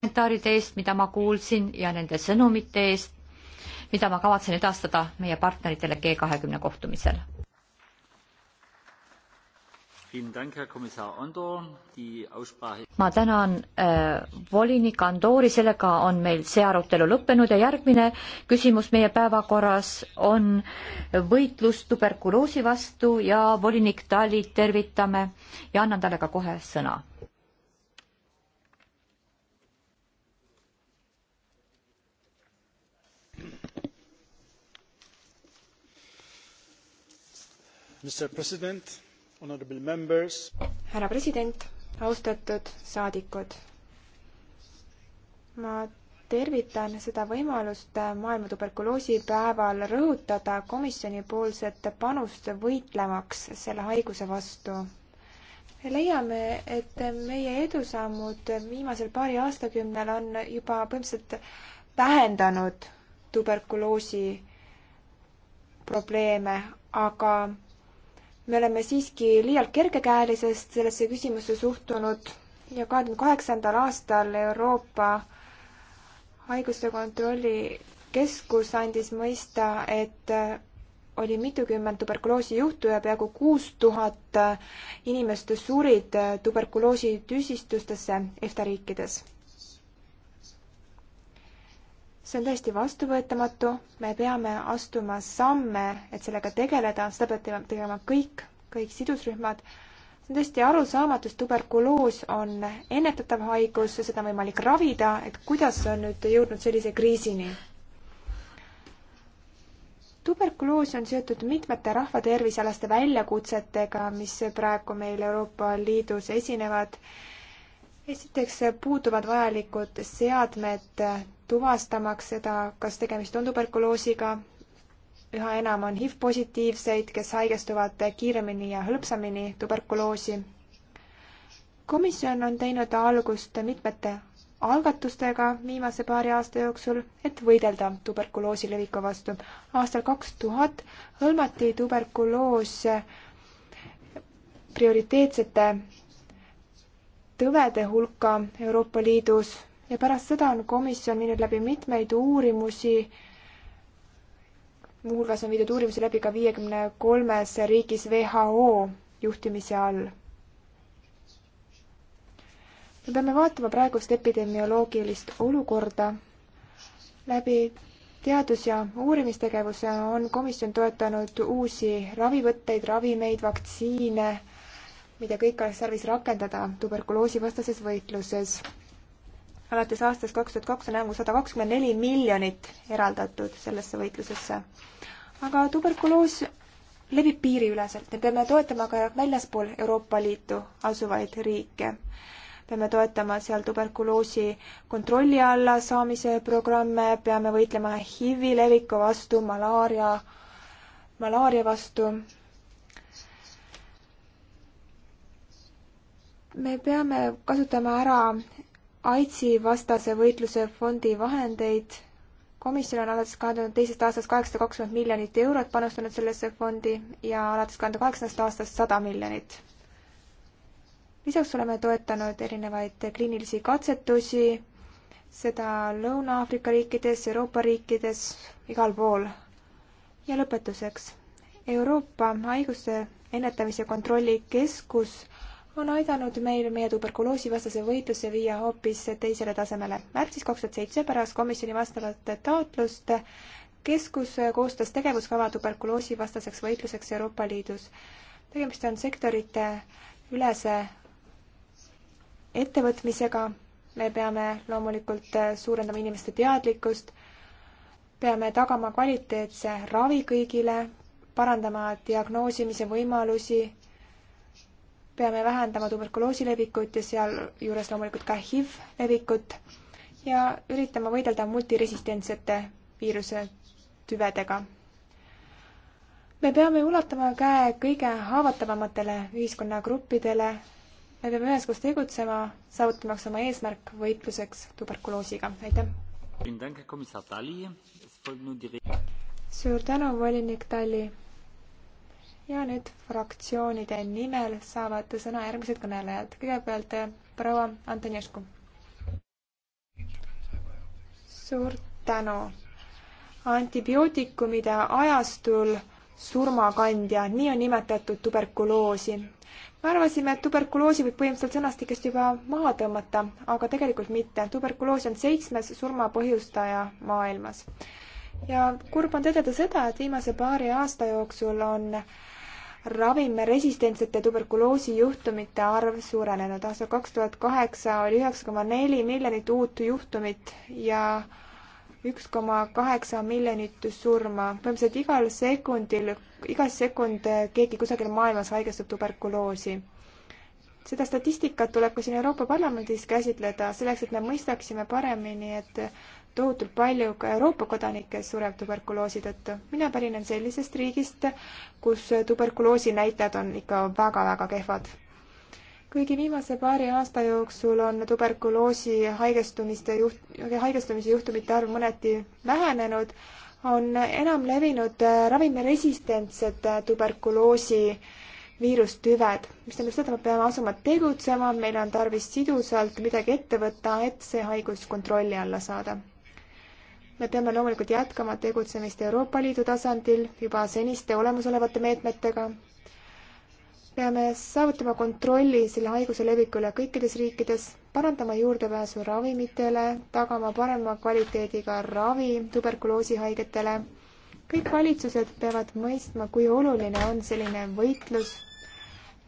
kommentaaride eest, mida ma kuulsin ja nende sõnumite eest, mida ma kavatsen edastada meie partneritele G kahekümne kohtumisel. ma tänan äh, volinik Andori, sellega on meil see arutelu lõppenud ja järgmine küsimus meie päevakorras on võitlus tuberkuloosi vastu ja volinik Talit tervitame ja annan talle ka kohe sõna. härra president, austatud saadikud. ma tervitan seda võimalust maailma tuberkuloosipäeval rõhutada komisjonipoolset panust võitlemaks selle haiguse vastu. leiame, et meie edusammud viimasel paari aastakümnel on juba põhimõtteliselt vähendanud tuberkuloosi probleeme, aga me oleme siiski liialt kergekäelisest sellesse küsimusse suhtunud ja kahe tuhande kaheksandal aastal Euroopa haiguste kontrollikeskus andis mõista, et oli mitukümmend tuberkuloosijuhtu ja peaaegu kuus tuhat inimest surid tuberkuloositüsistustesse EFTA riikides see on täiesti vastuvõetamatu, me peame astuma samme, et sellega tegeleda, seda peavad tegema kõik, kõik sidusrühmad. see on täiesti arusaamatu, sest tuberkuloos on ennetatav haigus ja seda on võimalik ravida, et kuidas on nüüd jõudnud sellise kriisini tuberkuloos on seotud mitmete rahvatervisealaste väljakutsetega, mis praegu meil Euroopa Liidus esinevad. esiteks puuduvad vajalikud seadmed tuvastamaks seda, kas tegemist on tuberkuloosiga. üha enam on HIV-positiivseid, kes haigestuvad kiiremini ja hõlpsamini tuberkuloosi. komisjon on teinud algust mitmete algatustega viimase paari aasta jooksul, et võidelda tuberkuloosi leviku vastu. aastal kaks tuhat hõlmati tuberkuloos prioriteetsete tõvede hulka Euroopa Liidus ja pärast seda on komisjon viinud läbi mitmeid uurimusi, muuhulgas on viidud uurimusi läbi ka viiekümne kolmes riigis WHO juhtimise all. me peame vaatama praegust epidemioloogilist olukorda. läbi teadus- ja uurimistegevuse on komisjon toetanud uusi ravivõtteid, ravimeid, vaktsiine, mida kõik oleks tarvis rakendada tuberkuloosivastases võitluses alates aastast kaks tuhat kaks on enam kui sada kakskümmend neli miljonit eraldatud sellesse võitlusesse. aga tuberkuloos levib piiriüleselt, me peame toetama ka väljaspool Euroopa Liitu asuvaid riike. peame toetama seal tuberkuloosi kontrolli alla saamise programme, peame võitlema HIV-i leviku vastu, malaaria, malaaria vastu me peame kasutama ära AIDSi vastase võitluse fondi vahendeid. komisjon on alates kahe tuhande teisest aastast kaheksasada kakskümmend miljonit eurot panustanud sellesse fondi ja alates kahe tuhande kaheksandast aastast sada miljonit. lisaks oleme toetanud erinevaid kliinilisi katsetusi, seda Lõuna-Aafrika riikides, Euroopa riikides, igal pool. ja lõpetuseks. Euroopa Haiguste Ennetamise Kontrolli Keskus on aidanud meil meie tuberkuloosivastase võitluse viia hoopis teisele tasemele. märtsis kaks tuhat seitse pärast komisjoni vastavat taotlust keskus koostas tegevuskava tuberkuloosivastaseks võitluseks Euroopa Liidus. tegemist on sektorite ülese ettevõtmisega, me peame loomulikult suurendama inimeste teadlikkust, peame tagama kvaliteetse ravi kõigile, parandama diagnoosimise võimalusi, peame vähendama tuberkuloosi levikut ja sealjuures loomulikult ka HIV levikut ja üritama võidelda multiresistentsete viiruse tüvedega. me peame ulatama käe kõige haavatavamatele ühiskonnagruppidele. me peame üheskoos tegutsema, saavutamaks oma eesmärk võitluseks tuberkuloosiga. aitäh! suur tänu, volinik Talli! ja nüüd fraktsioonide nimel saavad sõna järgmised kõnelejad. kõigepealt eh, proua Antonescu. suur tänu. antibiootikumide ajastul surmakandja, nii on nimetatud tuberkuloosi. me arvasime, et tuberkuloosi võib põhimõtteliselt sõnastikest juba maha tõmmata, aga tegelikult mitte. tuberkuloos on seitsmes surmapõhjustaja maailmas. ja kurb on tõdeda seda, et viimase paari aasta jooksul on äh, ravimresistentsete tuberkuloosijuhtumite arv suurenenud. aastal kaks tuhat kaheksa oli üheksa koma neli miljonit uut juhtumit ja üks koma kaheksa miljonit surma. põhimõtteliselt igal sekundil, iga sekund keegi kusagil maailmas haigestub tuberkuloosi. seda statistikat tuleb ka siin Euroopa Parlamendis käsitleda selleks, et me mõistaksime paremini, et tohutult palju ka Euroopa kodanikke sureb tuberkuloosi tõttu. mina pärinen sellisest riigist, kus tuberkuloosi näitajad on ikka väga-väga kehvad. kuigi viimase paari aasta jooksul on tuberkuloosi haigestumiste juht, haigestumise juhtumite arv mõneti vähenenud, on enam levinud ravimiresistentset tuberkuloosi viirustüved, mis tähendab seda, et me peame asuma tegutsema, meil on tarvis sidusalt midagi ette võtta, et see haigus kontrolli alla saada me peame loomulikult jätkama tegutsemist Euroopa Liidu tasandil juba seniste olemasolevate meetmetega. peame saavutama kontrolli selle haiguse leviku üle kõikides riikides, parandama juurdepääsu ravimitele, tagama parema kvaliteediga ravi tuberkuloosihaigetele. kõik valitsused peavad mõistma, kui oluline on selline võitlus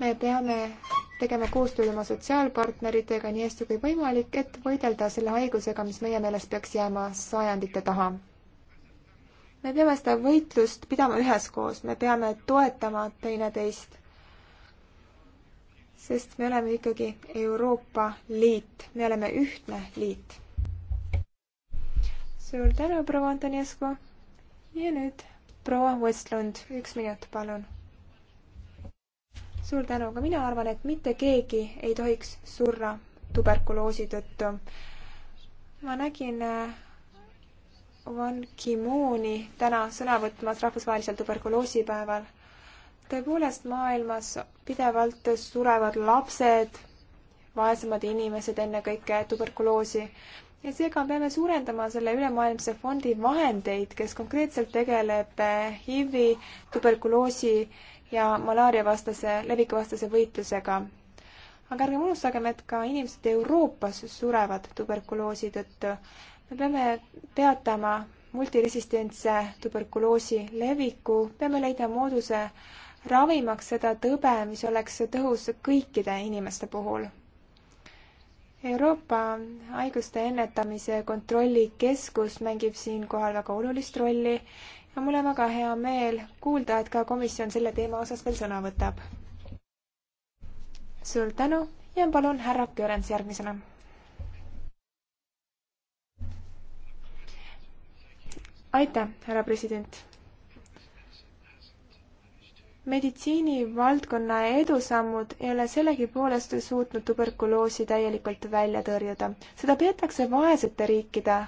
me peame tegema koostööd oma sotsiaalpartneritega nii hästi kui võimalik, et võidelda selle haigusega, mis meie meelest peaks jääma sajandite taha. me peame seda võitlust pidama üheskoos, me peame toetama teineteist. sest me oleme ikkagi Euroopa Liit, me oleme ühtne liit. suur tänu, proua Antonescu. ja nüüd proua Westlund, üks minut, palun suur tänu, ka mina arvan, et mitte keegi ei tohiks surra tuberkuloosi tõttu. ma nägin Van äh, Ki-mooni täna sõna võtmas rahvusvahelisel tuberkuloosipäeval. tõepoolest, maailmas pidevalt surevad lapsed, vaesemad inimesed ennekõike tuberkuloosi ja seega peame suurendama selle ülemaailmse fondi vahendeid, kes konkreetselt tegeleb HIV, äh, tuberkuloosi ja malaariavastase, levikuvastase võitlusega. aga ärgem unustagem, et ka inimesed Euroopas surevad tuberkuloosi tõttu. me peame peatama multiresistentse tuberkuloosi leviku, peame leidma mooduse ravimaks seda tõbe, mis oleks tõhus kõikide inimeste puhul. Euroopa Haiguste Ennetamise Kontrollikeskus mängib siinkohal väga olulist rolli ja mul on väga hea meel kuulda, et ka komisjon selle teema osas veel sõna võtab. suur tänu ja palun härra Görens järgmisena. aitäh, härra president. meditsiinivaldkonna edusammud ei ole sellegipoolest suutnud tuberkuloosi täielikult välja tõrjuda. seda peetakse vaesete riikide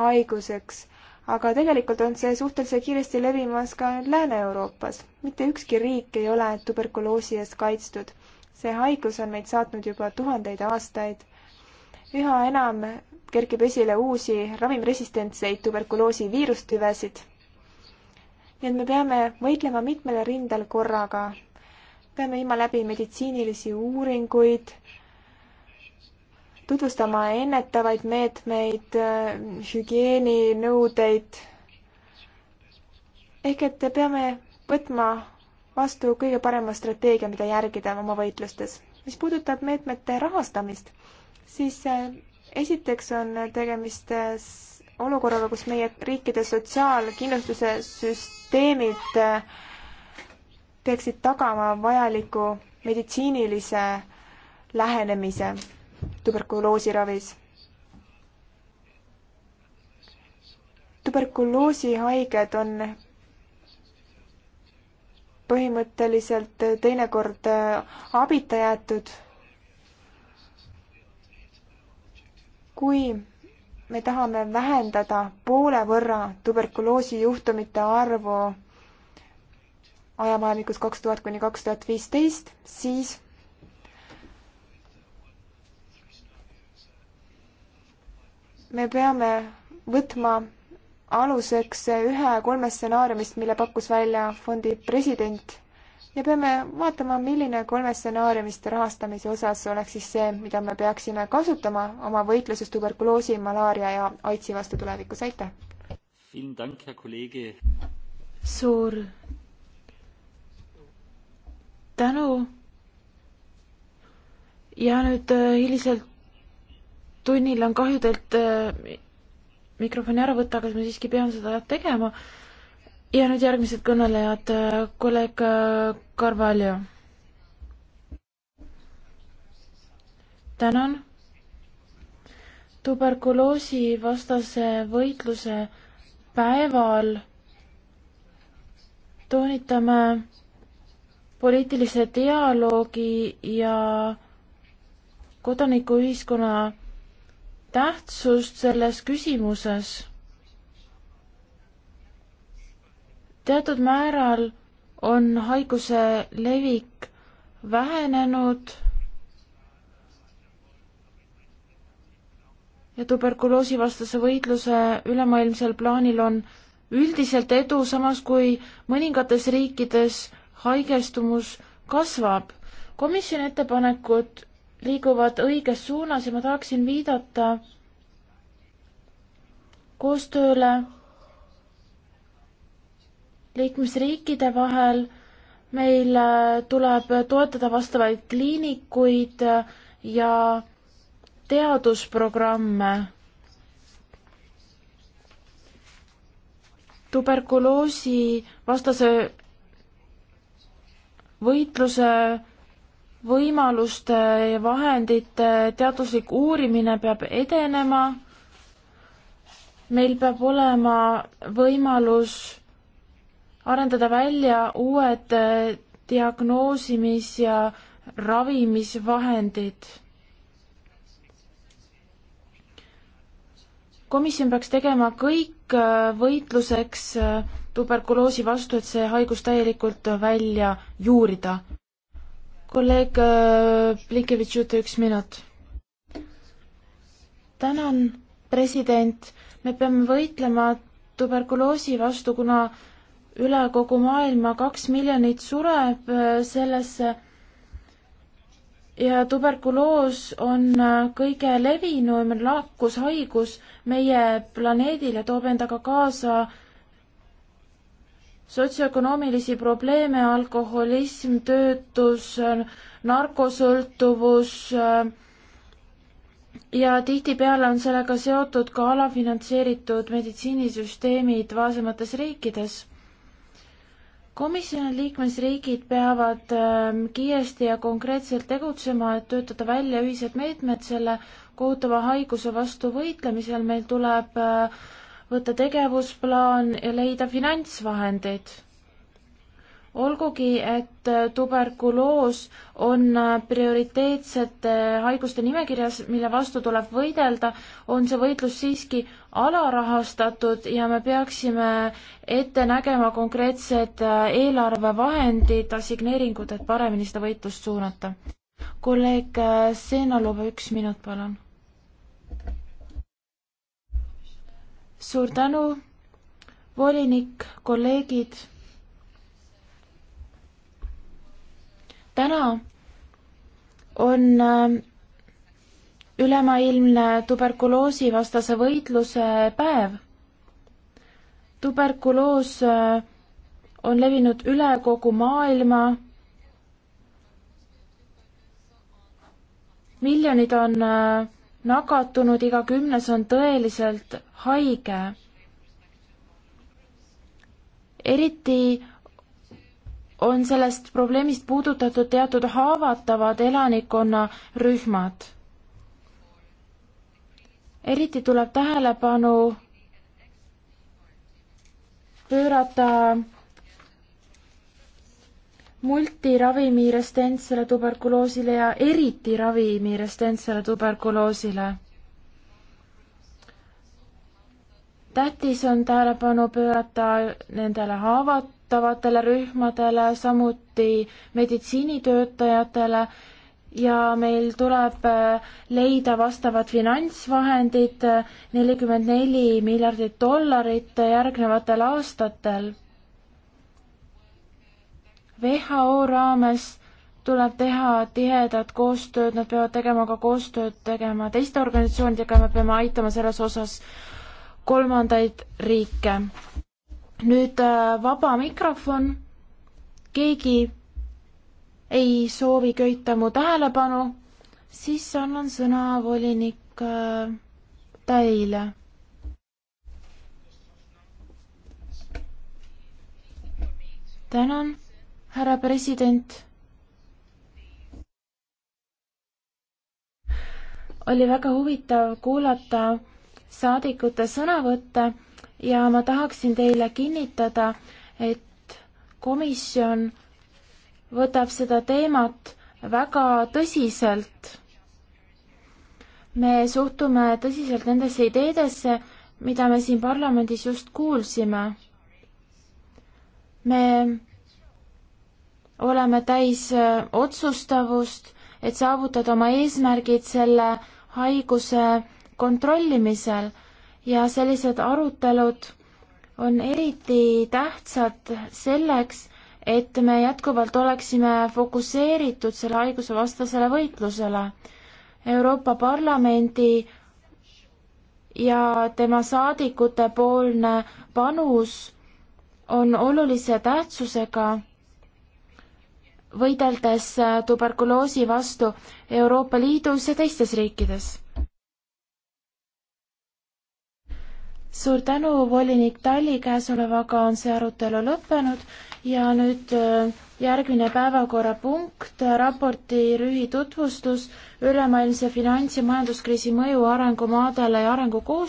haiguseks aga tegelikult on see suhteliselt kiiresti levimas ka Lääne-Euroopas. mitte ükski riik ei ole tuberkuloosi eest kaitstud. see haigus on meid saatnud juba tuhandeid aastaid. üha enam kerkib esile uusi ravimresistentseid tuberkuloosi viirustüvesid. nii et me peame võitlema mitmel rindel korraga. peame viima läbi meditsiinilisi uuringuid tutvustama ennetavaid meetmeid, hügieeninõudeid. ehk et peame võtma vastu kõige parema strateegia, mida järgida oma võitlustes. mis puudutab meetmete rahastamist, siis eh, esiteks on tegemist eh, olukorraga, kus meie riikide sotsiaalkindlustuse süsteemid peaksid eh, tagama vajaliku meditsiinilise lähenemise tuberkuloosiravis. tuberkuloosihaiged on põhimõtteliselt teinekord äh, abita jäetud. kui me tahame vähendada poole võrra tuberkuloosi juhtumite arvu ajavahemikus kaks tuhat kuni kaks tuhat viisteist, siis me peame võtma aluseks ühe kolmest stsenaariumist, mille pakkus välja fondi president ja peame vaatama, milline kolme stsenaariumist rahastamise osas oleks siis see, mida me peaksime kasutama oma võitluses tuberkuloosi, malaaria ja AIDSi vastu tulevikus, aitäh! suur tänu ja nüüd äh, hiliselt tunnil on kahju teilt äh, mikrofoni ära võtta, aga ma siiski pean seda tegema. ja nüüd järgmised kõnelejad, äh, kolleeg äh, Carvalho. tänan. tuberkuloosi vastase võitluse päeval toonitame poliitilise dialoogi ja kodanikuühiskonna tähtsust selles küsimuses. teatud määral on haiguse levik vähenenud ja tuberkuloosivastase võitluse ülemaailmsel plaanil on üldiselt edu, samas kui mõningates riikides haigestumus kasvab. komisjoni ettepanekud liiguvad õiges suunas ja ma tahaksin viidata koostööle liikmesriikide vahel. meil äh, tuleb toetada vastavaid kliinikuid äh, ja teadusprogramme. tuberkuloosi vastase võitluse võimaluste ja vahendite teaduslik uurimine peab edenema. meil peab olema võimalus arendada välja uued äh, diagnoosimis ja ravimisvahendid. komisjon peaks tegema kõik äh, võitluseks äh, tuberkuloosi vastu, et see haigus täielikult välja juurida kolleeg äh, Blinkevitš, üks minut. tänan, president. me peame võitlema tuberkuloosi vastu, kuna üle kogu maailma kaks miljonit sureb äh, sellesse ja tuberkuloos on äh, kõige levinum laekushaigus meie planeedil ja toob endaga kaasa sotsioökonoomilisi probleeme, alkoholism, töötus, narkosõltuvus äh, ja tihtipeale on sellega seotud ka alafinantseeritud meditsiinisüsteemid vaesemates riikides komisjoni liikmesriigid peavad ähm, kiiresti ja konkreetselt tegutsema, et töötada välja ühised meetmed selle kohutava haiguse vastu võitlemisel, meil tuleb äh, võtta tegevusplaan ja leida finantsvahendeid. olgugi, et tuberkuloos on prioriteetsete haiguste nimekirjas, mille vastu tuleb võidelda, on see võitlus siiski alarahastatud ja me peaksime ette nägema konkreetsed eelarvevahendid, assigneeringud, et paremini seda võitlust suunata. kolleeg Seena Luba, üks minut, palun suur tänu, volinik, kolleegid. täna on äh, ülemaailmne tuberkuloosivastase võitluse päev. tuberkuloos äh, on levinud üle kogu maailma. miljonid on äh, nakatunud, iga kümnes on tõeliselt haige. eriti on sellest probleemist puudutatud teatud haavatavad elanikkonnarühmad. eriti tuleb tähelepanu pöörata multiravimiresistentsele tuberkuloosile ja eriti ravimiresistentsele tuberkuloosile. tähtis on tähelepanu pöörata nendele haavatavatele rühmadele, samuti meditsiinitöötajatele ja meil tuleb äh, leida vastavad finantsvahendid, äh, nelikümmend neli miljardit dollarit järgnevatel aastatel WHO raames tuleb teha tihedat koostööd, nad peavad tegema ka koostööd tegema teiste organisatsioonidega, me peame aitama selles osas kolmandaid riike. nüüd äh, vaba mikrofon. keegi ei soovi köita mu tähelepanu, siis annan sõna volinik äh, Taile. tänan härra president. oli väga huvitav kuulata saadikute sõnavõtte ja ma tahaksin teile kinnitada, et komisjon võtab seda teemat väga tõsiselt. me suhtume tõsiselt nendesse ideedesse, mida me siin parlamendis just kuulsime. me oleme täis äh, otsustavust, et saavutada oma eesmärgid selle haiguse kontrollimisel ja sellised arutelud on eriti tähtsad selleks, et me jätkuvalt oleksime fokusseeritud selle haiguse vastasele võitlusele. Euroopa Parlamendi ja tema saadikute poolne panus on olulise tähtsusega võideldes äh, tuberkuloosi vastu Euroopa Liidus ja teistes riikides. suur tänu, volinik Talli, käesolevaga on see arutelu lõppenud ja nüüd äh, järgmine päevakorrapunkt, äh, raporti lühitutvustus ülemaailmse finants- ja majanduskriisi mõju arengumaadele ja arengukoostööle.